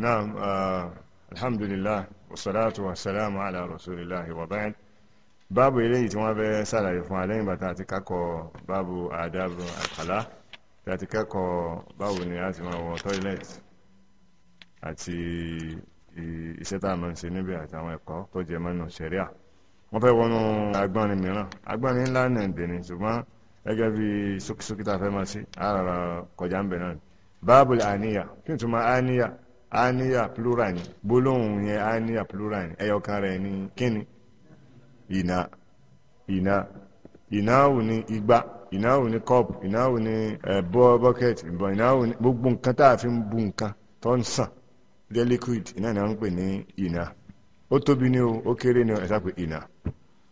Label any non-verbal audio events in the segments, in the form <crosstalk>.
نعم آه الحمد لله والصلاة والسلام على رسول الله وبعد باب إليه تنوى بسالة يفعلين بتاتكاكو باب آداب الخلاء تاتكاكو باب نيات ما هو تويلت àti iṣẹ́ tá a máa ń ṣe níbẹ̀ àti àwọn ẹ̀kọ́ tó jẹ mọ́nà ṣẹ̀ríà wọ́n fẹ́ wọnú agbọ́nni mìíràn agbọ́nni ńlá nàìjíríà ni ṣùgbọ́n gẹ́gẹ́ bí sókísókí tá a fẹ́ máa ṣe àrà kọjá ń bẹ̀ náà báàbùl àníyà kí n tún máa àníyà aniya plural ni gbólóhùn yẹn aniya plural ni ẹyọkan rẹ ni kíni ìná ìná ìnáwó ni igbá ìnáwó ni cup ìnáwó ni bọ́ bucket ìnáwó ni gbogbo nǹkan tá a fi ń bu nǹkan tó ń sàn jẹ́ liquid iná ni wọ́n ń pè ní ìná ó tóbi ni o ó kéré ni ẹ̀sà pé ìná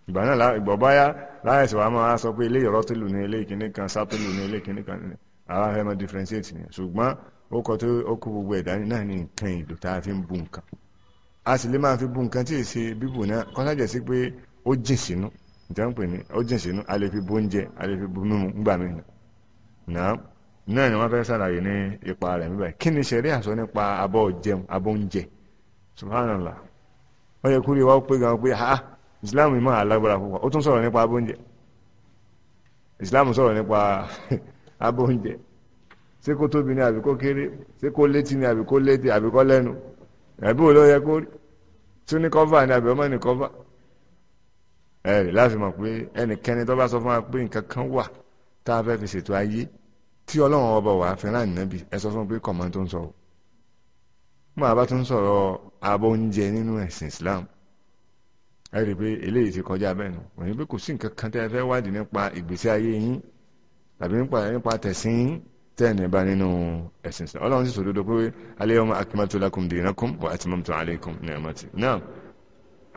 ìgbà náà ìgbà báyá láyẹ̀sì wa máa sọ pé ilé ìrọ́tìlù ni ilé ìkíní kan sátìlù ni ilé ìkíní kan àwọn differentiate ni ó tó gbogbo náà ní nǹkan ìlò tá a fi ń bu nǹkan a sì lè máa fi bu nǹkan tí ì ṣe bíbù náà sí pé ó jìn sínú ìjọba ní ó jìn sínú a lè fi bu oúnjẹ a lè fi bu mímu ńgbà mí náà náà ni wọ́n fẹ́ ṣàlàyé ní ipa rẹ̀ níbẹ̀ kí ni ṣẹ̀rí nípa abọ́ jẹun abọ́ oúnjẹ wọ́n yẹ kúrò ha islam púpọ̀ ó tún sọ̀rọ̀ nípa abọ́ oúnjẹ islam sọ̀rọ̀ nípa <laughs> abọ́ oúnjẹ ṣé kó tóbi ni àbí kó kéré ṣé kó létí ni àbí kó létí àbí kó lẹ́nu ẹ̀bí wo ló yẹ kó rí tún ní kọ́fà ni àbí ọmọ ní kọ́fà ẹ láti mọ̀ pé ẹnikẹ́ni tó bá sọ fún wa pé nǹkan kan wà tá a fẹ́ fi ṣètò ayé tí ọlọ́run ọba wàá fẹ́ràn ànábì ẹ sọ fún mi pé kọ̀mọ́ tó ń sọ̀rọ̀ mo àbá tó ń sọ̀rọ̀ abọ́ oúnjẹ nínú ẹ̀sìn Islam ẹ rí i pé eléyìí ti kọjá bẹ́ẹ̀ nù òní pé kò sí nǹkan kan tẹ́ ẹ fẹ́ wádìí nípa ìgbésí ayé yín tàbí nípa tẹ̀sìn yín tẹ́ẹ̀ni bá nínú ẹ̀sìn islam ọlọ́run sì sọ dodo pé al-yawma akmaltu lakum dinakum wa atmamtu alaykum ni'mati náà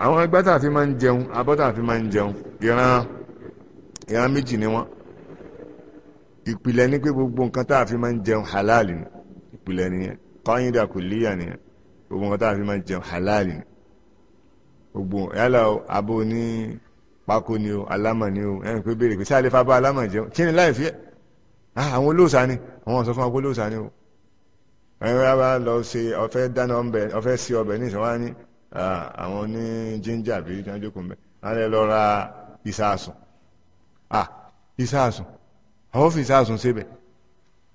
àwọn ẹgbẹ́ tàà fi máa ń jẹun abọ́ tàà fi máa ń jẹun ìran ìran méjì ni wọ́n ìpìlẹ̀ ní pé gbogbo nǹkan tàà fi máa ń jẹun halal ni ìpìlẹ̀ nìyẹn qaida kulliya nìyẹn gbogbo nǹkan tàà fi máa ń jẹun halal ni gbogbo yálà abo ní pákó ni o alámà ni o ẹnì pé béèrè pé sáà Ah, àwọn olóòsà ni àwọn ọ̀sán fún wa pé olóòsà ni o ẹ̀rọ ara lọ ṣe ọ̀fẹ́ dáná ọ̀bẹ̀ ọ̀fẹ́ sí ọ̀bẹ̀ ní ìṣọ̀wá ní àwọn ní jíńjà bí i tánjú kò mẹ́ alẹ́ lọ ra ìsàsùn à ìsàsùn àwọn fi ìsàsùn síbẹ̀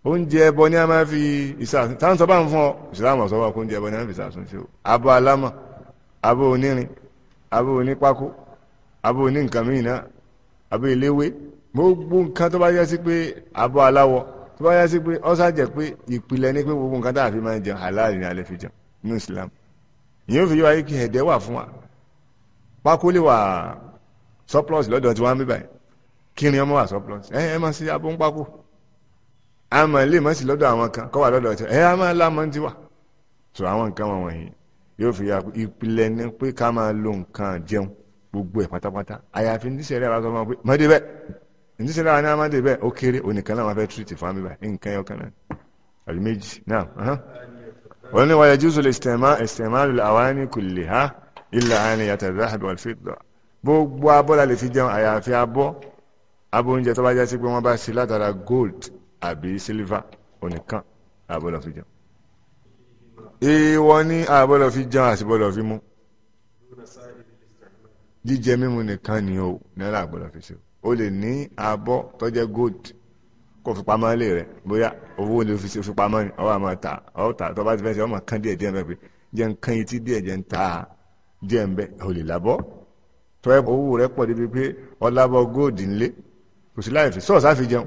oúnjẹ ẹbọ ní a máa fi ìsàsùn táwọn sọ bá ń fún ọ ìsìlámù ọ̀sọ́ wa kó oúnjẹ ẹbọ ní a máa fi ìsàsùn sí o abo alámọ̀ abo onírin abo onípákó abo oní nǹkan abo eléwé gbogbo nǹkan tó bá yẹ sí pé abọ́ aláwọ̀ tó bá yẹ sí pé ọ́sà jẹ́ pé ìpìlẹ̀ ni pé gbogbo nǹkan tá a fi máa ń jẹun halal ni alẹ́ fi jẹun ní Islam ìyẹn fi yọ ayé kí ẹ̀dẹ́ wà fún wa pákó lè wà surplus lọ́dọ̀ tí wọ́n á mí báyìí kírin ọmọ wà surplus ẹ ẹ máa ṣe abọ́ ń pákó àmọ́ ilé ìmọ̀ sí lọ́dọ̀ àwọn kan kọ́ wà lọ́dọ̀ tí ẹ á máa lámọ́ ti wà tó àwọn nǹkan wọn wọ̀nyí yóò fi yà ìpìlẹ̀ ni pé ká máa lo nǹkan jẹun gbogbo ẹ̀ pátápátá àyàfi ní sẹ́rẹ́ àbá sọ pé mọ́dé bẹ́ẹ̀ ní sílẹ̀ àwọn amáde bẹ́ẹ̀ ó kéré onìkan láwọn afẹ́ tìrìtì fún amíbà nǹkan yọ kan náà àbí méjì náà uh-huh. wọ́n ní wàyà jùsùlẹ̀ ìsìtẹ̀má lulẹ̀ àwọn ní kùlẹ̀ ha ilẹ̀ àárín yàtọ̀ záhàbí wal fidda gbogbo abọ́ la lè fi jẹun àyàfi abọ́ abọ́ oúnjẹ tó bá já sí pé wọ́n bá sí látara gold àbí silver onìkan àbọ̀ lọ fi jẹun èèwọ̀ ní àbọ̀ lọ fi jẹun àsìbọ̀ lọ fi mú jíjẹ mímu nìkan ni ó náírà àbọ̀ fi ṣe o o lè ní abọ́ tó jẹ́ gold kó fi pamọ́ lé rẹ̀ bóyá owó lè fi fi pamọ́ ni ọwọ́ àmọ́ ta ọ̀ ta tó bá ti fẹ́ ṣe ọmọ kan díẹ̀ díẹ̀ bẹ́ẹ̀ pé jẹ́ nǹkan etí díẹ̀ jẹ́ ń ta díẹ̀ ń bẹ́ o lè labọ́ tó ẹ owó rẹ̀ pọ̀ débi pé ọlábọ̀ gold ńlé kò sí láì fi sọ́ọ̀sì àfi jẹun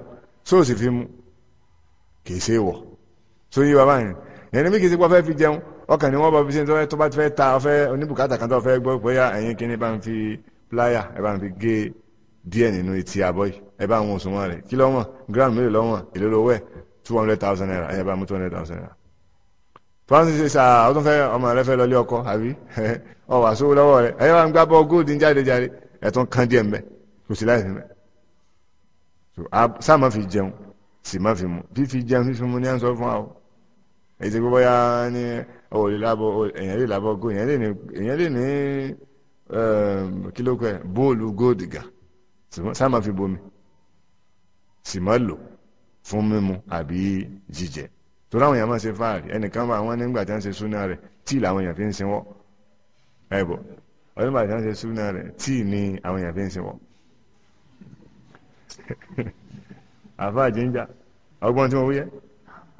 sọ́ọ̀sì fi mu kì í ṣe wọ̀ tó yí bàbá yẹn ẹni bí kì í ṣe pọ́ fẹ́ fi jẹun ọkàn ni wọ́n bá fi ṣe tó bá ti fẹ́ ta ọfẹ́ oníbùkátà kan tó fẹ́ gbọ́ bóyá ẹ̀yin kíní bá ń fi pláyà ẹ bá ń fi gé e díẹ̀ nínú etí abọ́ yìí ẹ bá àwọn òṣùwọ̀n rẹ̀ kí lọ́wọ́n gram mélòó lọ́wọ́n èlò lówó two hundred thousand naira ẹ bá mú two hundred thousand naira. francis ṣe ṣá ọdún fẹ́ ọmọ rẹ fẹ́ lọ lé ọkọ àbí <laughs> ọ wà sówó lọ́wọ́ rẹ ẹ bá ń gbá bọ́ góòdì ń jáde jáde ẹ tún kán díẹ̀ mbẹ kò sí láì mẹ. sáà má fi jẹun sì má fi mu fífi jẹun fífi mu ní à ń sọ fún wa o ètò gbogbo ya ni òòlì lábọ̀ èèyàn lè lábọ̀ góòdì èèyàn lè ní kílókè bóòlù góòdì gan sá máa fi bomi sì máa lò fún mímu àbí jíjẹ tó láwọn èèyàn máa ṣe fáàrí ẹnìkan bá wọn nígbà tí wọn ṣe súná rẹ tíì làwọn èèyàn fi ń sinwọ ẹ bọ ọdún bàtí wọn ṣe súná rẹ tíì ni àwọn èèyàn fi ń sinwọ <laughs> àfa àjíǹjà ọgbọ́n tí wọ́n wúyẹ́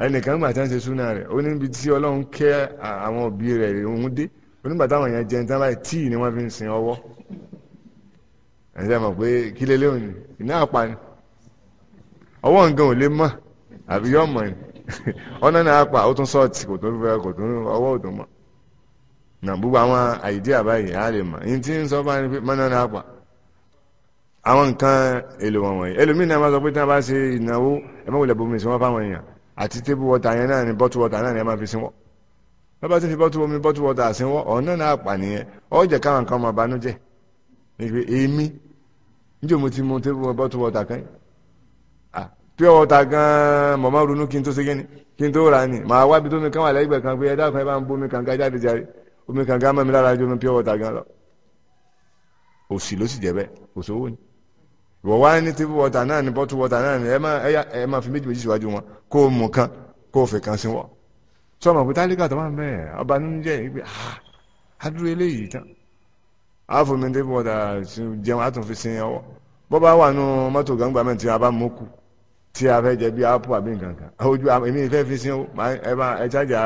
ẹnìkan gbà tí wọ́n ṣe súná rẹ̀ ó ní tí ọlọ́run kẹ́ àwọn òbí rẹ̀ òun dé onígbà táwọn èèyàn jẹun tán báyìí tíì ni wọ́n fi ń sin ọwọ́ ẹ̀yin sẹ́yìn mọ̀ pé kí lè léwu ni iná àpá ni ọwọ́ nǹkan ò lè mọ̀ àbí yọ̀ mọ̀ ni <laughs> ọ̀nà náà àpá ó tún sọ́ọ̀tì kò tó fẹ́ kò tó ọwọ́ ò tó mọ̀ nà gbogbo àwọn àìdí àbáyé á lè mọ̀ ní tí ń sọ báyìí pé mọ́nà náà àpá àwọn nǹkan èlò wọ̀nyí ẹlòmíì náà máa sọ pé tí wọ́n bá ṣe ìnáwó ẹ má wulẹ̀ bomi sí wọn fáwọn èèyàn àti tébù wọ́tà yẹn náà ni bọ́tù wọ́tà náà ni ẹ máa fi sí wọn bá bá ti fi bọ́tú omi bọ́tú wọ́tà àsìnwọ́ ọ̀nà náà pà nìyẹn ọ̀jẹ̀ káwọn kan máa banújẹ́ nígbè èmi níjẹ́ mo ti mu table bottle water kan pure water gan mọ̀mọ́ ronú kí n tó segin ni kí n tó rà ni màá wá ibi tó mi kàn wà lẹ́gbẹ̀ẹ́ kan pé ẹ dákun ẹ bá ń bomi kànga jáde jáde omi kànga mọ́ mi lára ju omi pure water gan lọ òsì ló sì jẹ́ bẹ́ẹ̀ òṣòwò ni wọ́n wá ní table water náà ní bottle water náà ní ẹ máa fi méjì méjì síwájú wọn kó o mú kan kó o fi kan sí wọn sọmọ pé tálíkà tó máa ń bẹ̀rẹ̀ ọba nínú jẹ́ ìgbé àdúró ah, eléyìí tán àfòmí tẹ́bù ọ̀dà jẹun àtúnfi sin ọwọ́ bọ́ bá wà nù mọ́tò gbangba mẹ́rin tí a bá mọ́kù tí a fẹ́ jẹ bí apple àbí nǹkan kan ojú èmi ìfẹ́ fi sin ẹja jà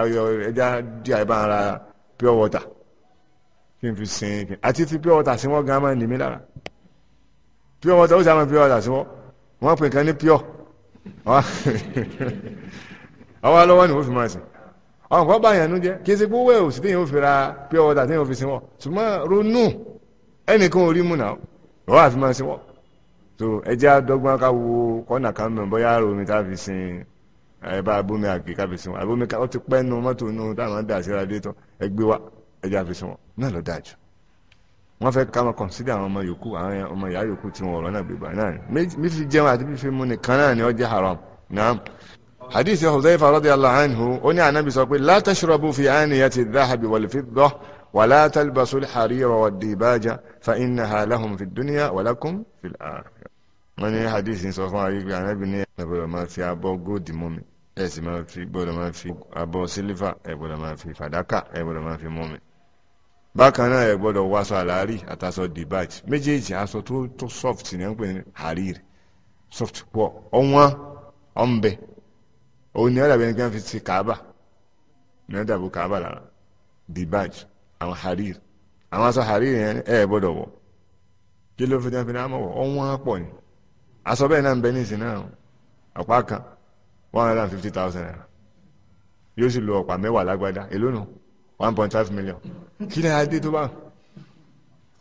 ẹja jà ẹ bá ń ra pure water kí n fi sin kí n àti pure water sí wọ́n gan máa ń nìmí lára pure water ó sì àwọn pure water sí wọ́n wọ́n pè nǹkan ní pure <laughs> ọwọ́ lọ́wọ́ ni wọ́n fi máa sìn àwọn kan bá yàn nú jẹ kí n ṣe gbówó ẹ̀ òsì téèyàn ò fi ra pure water téèyàn ò fi sin wọ́n ṣùgbọ́n ronú ẹnìkan ò rí mú náà lọ́wọ́ àfi máa ń sinwọ́ tó ẹjẹ́ àdọ́gbọ́n ká wo kọ́nà kan mọ̀ bóyá romi tá a fi sin ẹ̀bá abómi àgbè ká fi sin wọn abómi ká ó ti pẹ́ nu mọ́tò nu táwọn dà síra dé tán ẹgbẹ́ wa ẹjẹ́ àfi sin wọn náà ló dájú wọ́n fẹ́ ká máa kọ̀nsídà àwọn ọmọ yòókù àwọn ọmọ ìyá yòókù tí wọn ọ̀rọ̀ náà gbé gbà náà mi fi jẹun àti mi fi mu nìkan náà ni ó haram naam hadith Hudhayfa radiyallahu anhu ó ní ànábì sọ pé la tashrabu fi aniyati dhahabi wal fiddah ولا تلبسوا الحرير والديباج فإنها لهم في الدنيا ولكم في الآخرة wọ́n ní hadith sọ fún ayé pé anábì ní ẹ gbọ́dọ̀ máa fi abọ́ góòdì mú mi ẹ sì máa fi gbọ́dọ̀ máa fi abọ́ sílífà ẹ gbọ́dọ̀ máa fi fàdákà ẹ gbọ́dọ̀ máa fi mú mi. bákan náà ẹ gbọ́dọ̀ wọ aṣọ àlárí àtàṣọ dìbàjì méjèèjì aṣọ tó tó soft ní wọ́n pè ní harir soft pọ̀ ọ̀wọ́n ọ̀nbẹ òun ni ọ̀dàbẹ̀ ní kí wọ́n fi ti kàábà ní ọ̀dàbọ̀ kàábà lára dìbàjì àwọn harir àwọn aṣọ harir yẹn ẹ gbọ́dọ̀ wọ̀ kí ló fi dá fi dá mọ̀ wọ̀ ọ̀wọ́n pọ̀ ni aṣọ bẹ́ẹ̀ náà ń bẹ ní ìsìn náà ọ̀pá kan one hundred and fifty thousand naira yóò sì lo ọ̀pá mẹ́wàá lágbádá èló nù one point five million kí ni adé tó bá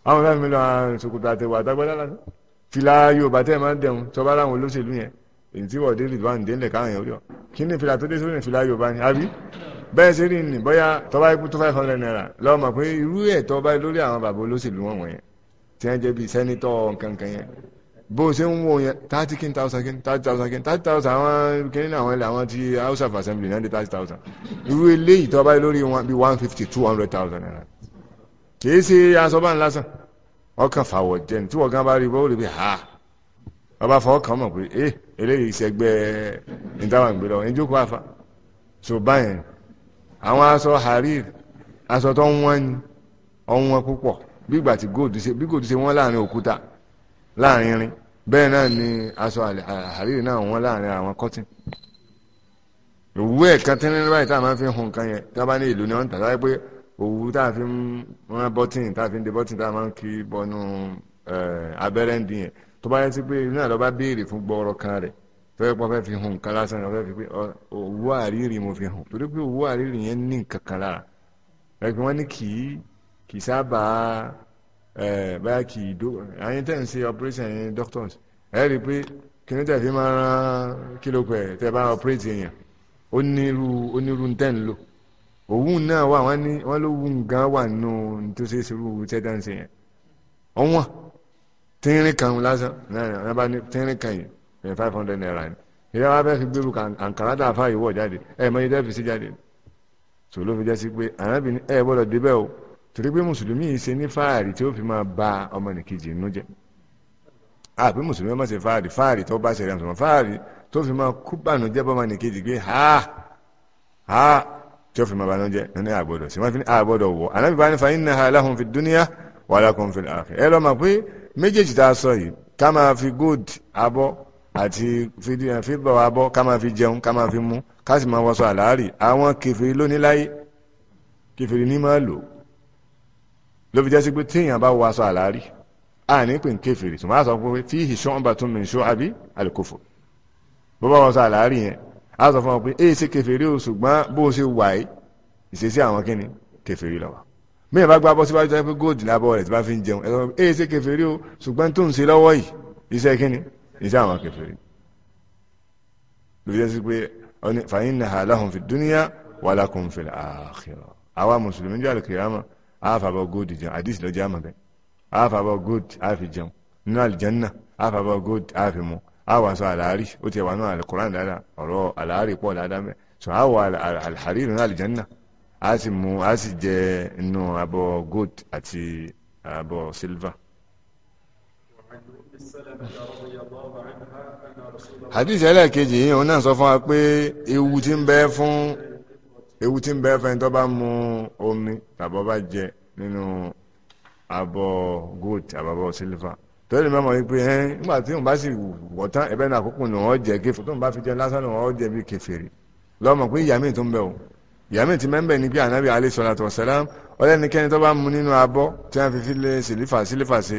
one point five million ṣòkòtò àtẹ̀wò àtàgbádá lásán fìlà Yorùbá tẹ́ ẹ máa ń dẹ̀hun tọ́ba láwọn olóṣèlú yẹn èyí tí wọ́n dé rìdwan dé ńlẹ̀ káwọn yẹn yọ kí ni fìlà tó dé sórí fìlà Yorùbá ni àbí bẹ́ẹ̀ sí rí ní bóyá tọ́ba ikú tó five hundred naira lọ́mọ pé irú ẹ̀ tọ́ba lórí àwọn bàbá olóṣèlú wọn wọ̀nyẹn tí wọ́n jẹ́ bíi sẹ́nitọ́ nkankan yẹn bó ṣe ń wò yẹn thirty kin thousand kin thirty thousand kin thirty thousand àwọn kìnìún àwọn ilẹ̀ àwọn ti house of assembly náà di thirty thousand irú eléyìí tọ́ba lórí wọn bíi one fifty two hundred thousand naira kì í ṣe asọ́bàn lásán ọkàn fàwọ̀ jẹ́ ní tí wọ́n gan bá rí bọ́ bí ha ọba fọwọ́ kàn mọ̀ pé eh eléyìí ṣẹgbẹ́ ìtawà ìgbélọ́wọ́ ìjókòó àfa so báyẹn àwọn aṣọ harir aṣọ tó ń wọ́n ni ọ̀wọ́n púpọ̀ bígbà tí góòdù ṣe bí góòdù ṣe wọ́n láàrin òkúta láàrin rin bẹ́ẹ̀ náà ni aṣọ harir náà wọ́n láàrin àwọn kọ́tìn òwú ẹ̀ kan tẹ́lẹ̀ níbàyí tá a máa fi hun kan yẹn tá a bá ní ìlú ni wọ́n ń tà láyé pé òwú tá a fi ń rán bọ́tìn tá a fi ń de bọ́tìn tá a máa ń kí bọ́nú abẹ́rẹ́ ń dín yẹn tó bá yẹ sí pé ìlú náà bá béèrè fún gbọ́ọ̀rọ̀ kan rẹ̀ tó yẹ pé ọfẹ́ fi hùn kan lásán ọfẹ́ fi pé owó àríyìn mo fi hùn torí pé owó àríyìn yẹn ní nǹkan kan lára ẹgbẹ́ wọn ní kì í kì í sábà báyà kì í dó àyìn tẹ̀ ń ṣe operation yẹn doctors ẹ rí i pé kìnìún tẹ̀ fi máa rán kílò pẹ̀ tẹ̀ bá operate èèyàn onírú onírú ń tẹ̀ ń lò òwú náà wà wọ́n ní wọ́n ló wú nǹkan wà nínú tó ṣe é ṣerú tẹ̀ dá ń ṣe yẹn ọ̀wọ́n tínrín kan lásán náà ní bá ní tínrín kan yìí. Eh, five hundred naira ni ìyá wa fẹ́ fi gbèrú àǹkárá tá a fà yíwọ̀ jáde ẹ̀ mọ̀ yìí tẹ́ fi sí jáde sọ ló fi jẹ́ sí pé ànábì ní ẹ̀ gbọ́dọ̀ débẹ̀ o torí pé mùsùlùmí yìí ṣe ní fáàrí tí ó fi máa ba ọmọnìkejì inú jẹ́ àbí mùsùlùmí má ṣe fáàrí fáàrí tó bá ṣẹlẹ̀ mùsùlùmí fáàrí tó fi máa kú bànújẹ́ bọ́mọnìkejì pé ha ha tí ó fi máa bànújẹ́ nínú àgbọ̀dọ̀ sí wọ́n fi ní àgbọ̀dọ̀ wọ̀ ànábì bá ní fa innaha lahum fi dúníyà walakum fil akhirah ẹ lọ́ mọ̀ pé méjèèjì tá a sọ yìí ká máa fi gold abọ́ àti fídọ̀ abọ́ ká máa fi jẹun ká máa fi mú ká sì máa wọṣọ àláàrì àwọn kẹfìrí lónìí láyé kẹfìrí ní máa lò ló fi jẹ́ sí pé téèyàn bá wọ aṣọ àláàrì a ní pè ń kẹfìrí tó máa sọ pé tí ìṣọ́ ń bá tún mi ṣó àbí àlùkòfò bó bá wọṣọ àláàrì yẹn a sọ fún wọn pé èyí ṣe kẹfìrí o ṣùgbọ́n bó ṣe wà yìí ìṣesí àwọn kíni kẹfìrí lọ́wọ́ mí bá gbá bọ́ síwájú tó yẹ pé góòdì lábọ́ rẹ̀ tí bá fi ń jẹun ẹ̀ sọ pé èyí ṣe kẹfìrí o ṣùgbọ́n tó ń ṣe lọ́wọ́ yìí iṣẹ́ kíni iṣẹ́ àwọn kèfèrí ló jẹ́ sí pé fa innaha lahum fi dunya wa lakum fil akhirah àwa mùsùlùmí jẹ́ àlùkìyàmà àfàbọ̀ gold jẹun àdìsí lọ́jọ́ àmà bẹ́ẹ̀ àfàbọ̀ gold àfi jẹun nínú àlìjẹ́nà àfàbọ̀ gold àfi mu àwa sọ àlàárí ó ti wà nínú àlùkùrán dáadáa ọ̀rọ̀ àlàárí pọ̀ dáadáa mẹ́ sọ àwa àlàárí nínú àlìjẹ́nà a sì mu a sì jẹ inú abọ́ gold àti abọ́ silver hadith ẹlẹ́ẹ̀kejì yìí òun náà sọ fún wa pé ewu ti ń bẹ fún ewu ti ń bẹ fún ẹni tó bá mu omi tàbọ̀ bá jẹ nínú abọ́ gold àbábọ̀ silver tọ́lẹ̀ mi mọ̀ wípé ẹ́ nígbà tí òun bá sì wọ̀ tán ẹ̀bẹ́ náà àkókò nù ọ́ jẹ́ kéfì tóun bá fi jẹ lásán nù ọ́ jẹ́ bí kèfèrí lọ́mọ pé ìyá míì tó ń bẹ̀ o ìyá míì ti mẹ́ńbẹ̀ ní pé ànábì alayhi salatu wassalam ọlẹ́nikẹ́ni tó bá mu nínú abọ́ tí wọ́n fi fi lé sílífà sílífà sí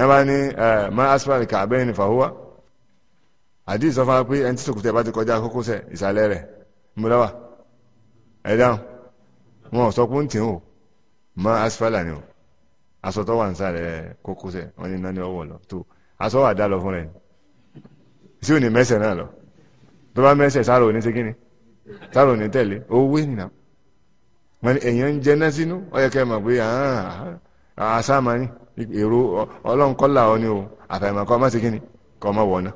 ɛmani ɛɛ mɛ asfaw k'abɛn nifa huwa adi sɔfɔ akpi ɛnti sɔkutɛ bati kɔdza koko sɛ isalɛ rɛ mbura wa ɛdiyan mɔ sɔkun ti o mɛ asfaw la ni o asɔtɔ wa nsa rɛ koko sɛ ɔni nani ɔwɔlɔ tu asɔ wa da lɔ fún rɛ si o ni mɛsɛ náà lɔ dɔbɔ mɛsɛ sáré o ni segini sáré o ni tɛli o wé nina mɛ ɛyàn jɛ nasinu ɔyɛ kɛ mɛ kpe ɛɛ asa mani. èrò ọlọ́nkọ́là ọ ni o àfàìmọ̀kọ́ má sí kí ni kọ́ mọ́ wọ̀nà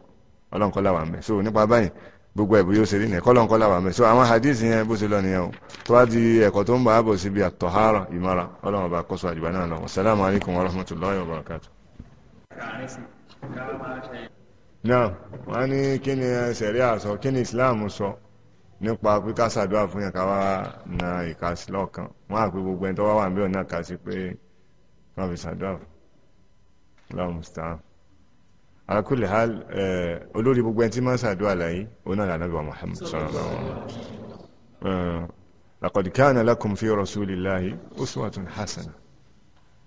wà mẹ́ so nípa báyìí gbogbo ẹ̀bù yóò ṣe rí nìkọ́ ọlọ́nkọ́là wà mẹ́ so àwọn hadith yẹn bó o tó wá di ẹ̀kọ́ tó ń bọ̀ síbi ìmọ̀ra ọlọ́run ọba àjùbá náà lọ alaykum wa barakatu. nípa píká sàdúrà fún bí ọ̀nà kà sí pé Allahu musta'an ala kulli hal olórí gbogbo ẹni tí máa ń ṣàdúrà láyé òun náà lànà bíwá Muhammad sallallahu alaihi wasallam laqad kana lakum fi rasulillahi uswatun hasana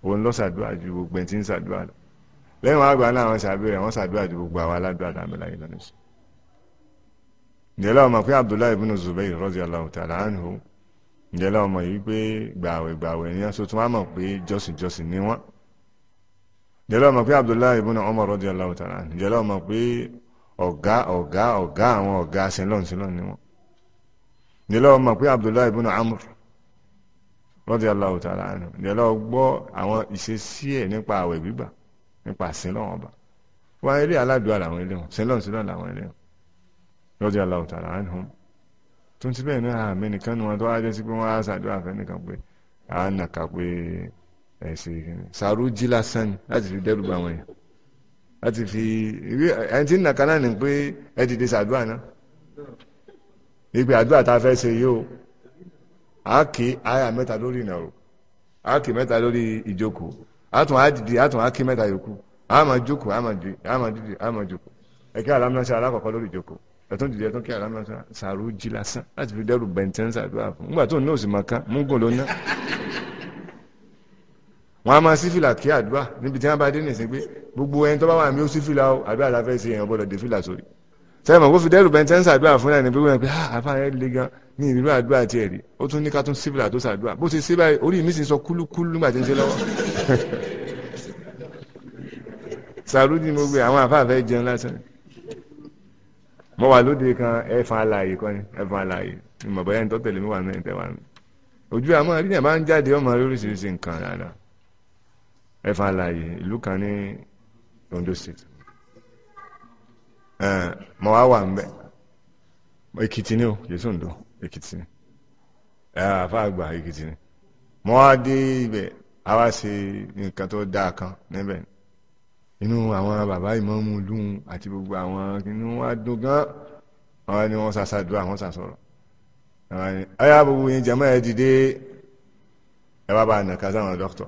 òun lọ ṣàdúrà ju gbogbo ẹni tí ń ṣàdúrà lọ lẹ́yìn wọn àgbà náà àwọn ṣàbẹ̀rẹ̀ wọn ṣàdúrà ju gbogbo àwọn aládùúrà dàmẹ́lá yìí lọ́nà sí ǹjẹ́lá ọmọ pé Abdullahi ibn Zubayr radiyallahu ta'ala anhu ǹjẹ́lá ọmọ jẹ́lọ́ mọ̀ pé Abdullahi ibn Umar radiyallahu ta'ala jẹ́lọ́ mọ̀ pé ọ̀gá ọ̀gá ọ̀gá àwọn ọ̀gá sílọ̀n sílọ̀n ni wọ́n jẹ́lọ́ mọ̀ pé Abdullahi ibn Amr radiyallahu ta'ala jẹ́lọ́ gbọ́ àwọn ìṣesí ẹ̀ nípa àwẹ̀ gbígbà nípa sílọ̀n ọba wọ́n eré aládùá làwọn ilé wọn sílọ̀n sílọ̀n làwọn ilé wọn radiyallahu ta'ala anhum tó ń ti bẹ́ẹ̀ náà àmì nìkan ni wọ́n tó wá sí pé wọ́n á ṣàdúrà fẹ́ nìkan pé àánà kà pé ẹ̀sìn sàrú jí lásán ni láti fi dẹ́rù bá wọn yẹn láti fi ìwé ẹni tí ń nàka náà ni pé ẹ dìde sàdúrà náà ìgbé àdúrà tá a fẹ́ ṣe yóò a kì àyà mẹ́ta lórí o a kì mẹ́ta lórí ìjókòó a tún á dìde a tún á mẹ́ta yòókù a máa jókòó a máa dìde a máa jókòó ẹ kí alámúnáṣẹ́ alákọ̀ọ́kọ́ lórí ìjókòó ẹ̀tún dìde ẹ̀tún kí alámúnáṣẹ́ sàrú jí lásán láti fi dẹ́rù bẹ̀ntẹ́ńsà àdúrà fún nígbà tó ní òsì máa ká múngùn ló wọn a máa sífìlà kí àdúrà níbi tí wọn bá dé nìsín pé gbogbo ẹni tó bá wà ní ó sífìlà o àdúrà la fẹ́ ṣe èèyàn gbọ́dọ̀ dé fìlà sórí sẹ́yìn mọ̀ kó fi dẹ́rù bẹ́ntẹ́ ń sàdúrà fún ẹni pé wọ́n pe ah, àfa ẹ̀ le gan ní ìrírí àdúrà tiẹ̀ rí ó tún ní ká tún sífìlà tó sàdúrà bó ṣe ṣe báyìí orí mi sì sọ kúlúkúlú nígbà tí ń ṣe lọ́wọ́ <laughs> sàrúdì mo gbé àwọn àfa àfẹ́ jẹun lásán mo wà lóde kan ẹ̀fọn alààyè kan ẹ̀fọn alààyè ìmọ̀ bọ́yá tọ́tẹ̀lé mi wà ní ẹ̀tẹ̀ wà ojú àmọ́ rí ni ẹ̀ máa ń jáde ọmọ oríṣiríṣi nǹkan dáadáa ẹ̀fà àlàyé ìlú kan ní Ondo State mọ̀ wá wà mbẹ́ Èkìtì ni o yéṣu ǹdọ́ Èkìtì ni àfa àgbà Èkìtì ni mọ̀ wá dé ibẹ̀ a wá ṣe nǹkan tó dáa kan níbẹ̀ inú àwọn bàbá ìmọ̀ọ́mù lùhùn àti gbogbo àwọn inú wa dùn gan àwọn ni wọ́n ṣàṣàdúrà wọ́n ṣàṣọ̀rọ̀ àwọn ni ọ̀yà gbogbo yẹn jẹ́mọ́ ẹ dìde ẹ bá a nàka sáwọn dókítà.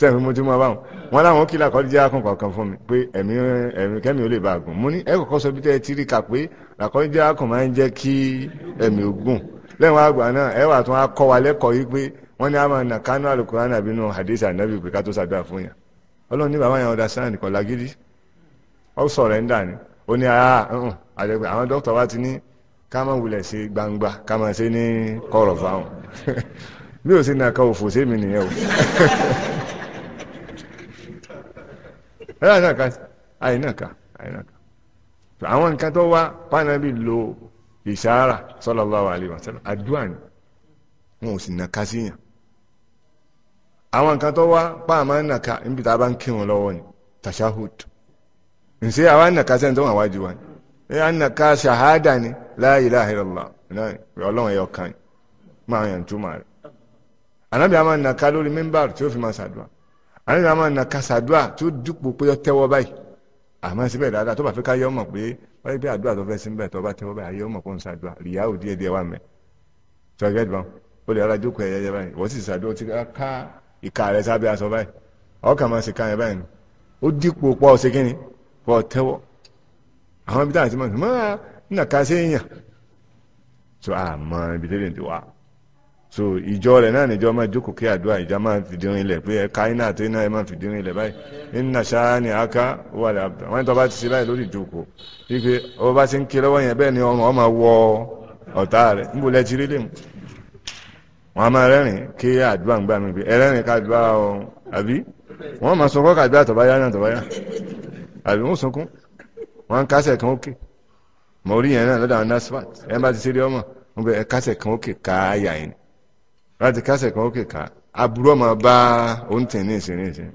tẹ̀rù mo ti mọ báwọn wọn láwọn kìlà kọ́díjà kan fún mi pé ẹ̀mí ẹ̀mí kẹ́mi ò lè bá a gùn mo ní sọ bí tẹ́ ẹ ti rí kà pé làkọ́díjà kan máa ń jẹ́ kí ẹ̀mí ò gùn lẹ́wọ̀n àgbà náà ẹ wà pé wọ́n ní a hadith pé ká tó fún yàn ọlọ́run ní bàbá yẹn ọ̀dà sáà nìkan ó ni ó ní àwọn dókítà wa ti ní ká máa wulẹ̀ sí gbangba ká máa ṣe ní <laughs> <laughs> ẹ̀rọ náà ká àìnáà ká àìnáà ká àwọn nǹkan tó wá pàànàbí lo ìṣàárà sallallahu alaihi wasallam àdúrà ni wọn ò sì nà ká síyàn àwọn nǹkan tó wá pààmà nà ká níbi tá a bá ń kírun lọ́wọ́ ni tashahud ǹṣe àwa nà ká sẹ́ni tó wà wájú wa ni ẹ̀yà nà ká ṣàhádà ni la ilaha illallah náà ọlọ́run ẹ̀yọ kan máa yàn túmọ̀ rẹ̀ ànábìá máa nà lórí mímbà tí ó fi máa ṣàdúrà àní làwọn ọ̀nà kàṣàdúà tó dúpò pé ó tẹ́wọ́ báyìí àmọ́ síbẹ̀ dáadáa tó bá fẹ́ káyọ́ mọ̀ pé wáyé pé àdúrà tó fẹ́ sí tó bá tẹ́wọ́ báyìí ń ò díẹ̀ díẹ̀ wà mẹ́ ó lè kọ báyìí wọ́n sì ti ká ìka rẹ̀ sábẹ́ aṣọ báyìí ọkà máa ká yẹn báyìí ó dípò pọ̀ ṣe kí ni pọ̀ tẹ́wọ́ so ìjọ rẹ̀ náà níjọ máa jókòó kí àdúrà ìjà máa fi dín ilẹ̀ pé ẹ̀ka iná àti iná ẹ̀ máa fi dín ilẹ̀ báyìí nínú ṣáá ni aka wà lẹ́ àbúrò wọ́n ní tó bá ti ṣe báyìí lórí ìjókòó wípé ọba bá ti ń kí lọ́wọ́ yẹn bẹ́ẹ̀ ni ọrùn ọmọ wọ ọ̀tá rẹ̀ níbo lẹ ti rí lè mú wọn a máa rẹ́rìn kí àdúrà ń gbà mí pé ẹlẹ́rìn kàdúrà ọ àbí wọ́n máa sunkún kàdúrà tó bá yá náà tó bá yá àbí wọ́n sunkún wọ́n kásẹ̀ kan òkè mọ̀ orí yẹn náà lọ́dọ̀ àwọn nasfat ẹ̀ bá ti ṣe rí ọmọ wọ́n bẹ kásẹ̀ kan òkè káyà yẹn láti kásẹ̀ kan ó kèka aburú ọmọ bá oúntẹ̀ ní ìsìn ní ìsìn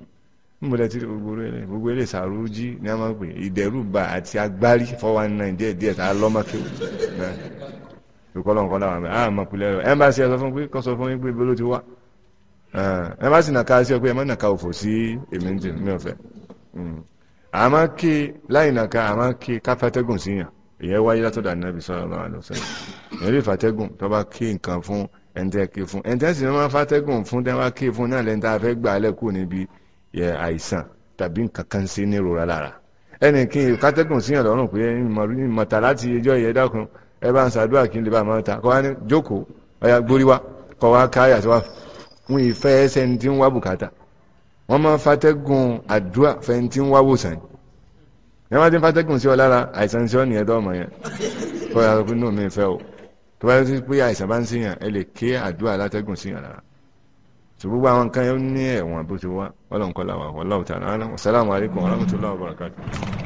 múlẹ̀ tí gbogbo ilé gbogbo ilé sàrújí ní a máa pè ìdẹ́rùbà àti agbárí 419 díẹ̀ díẹ̀ tá a lọ́ máa kéwù ìkọlọ̀nkọ́ láwọn àmì àmà pìlẹ̀ rẹ̀ ẹmbásí ẹ sọ fún pé kọ́ sọ fún pé bóló ti wá ẹmbásí nàka sí ọ pé ẹ má nàka òfò sí èmi ń tèmi ọ̀fẹ́ àmà kí láì nàka àmà kí káfàtẹ́gùn síyàn ìyẹn wáyé látọ̀dọ̀ ànábì sọ̀rọ̀ lọ́wọ́ fún ẹ̀ńtẹ́ ké fún ẹ̀ńtẹ́ sì ni wọ́n fa tẹ́gùn fún tẹ́ wá ké fún náà lẹ́ńtẹ́ afẹ́ gbà á lẹ́kù níbi àìsàn tàbí nǹkan kan sí ní ìrora lára ẹnì kí n kátẹ́gùn síyàn lọ́rùn pé mọ̀tà láti ẹjọ́ ìyẹn dákun ẹ bá ń ṣàdúrà kí n lè bá máa ta kọ́ wá ní jókòó ọ̀yà gbórí wá kọ́ wá ká yàtọ̀ wá fún ìfẹ́ ẹsẹ̀ ní ti ń wá bùkátà wọ́n máa ń fatẹ́gùn àdúrà fẹ́ ní ti ń wá wòsàn ẹ má ti ń fatẹ́gùn sí ọ lára àìsàn sí ọ nìyẹn dọ́ọ̀mọ̀ yẹn kọ́ yàtọ̀ pé nù mí fẹ́ o tó bá ti pé àìsàn bá ń ṣèyàn ẹ lè ké àdúrà látẹ́gùn ṣèyàn lára tó gbogbo àwọn nǹkan yẹn ní ẹ̀wọ̀n bó ti wá ọlọ́nkọ́lá wa wọ́n láwùtà náà wàsálàmù alaykum wa rahmatullahi wa barakatuh.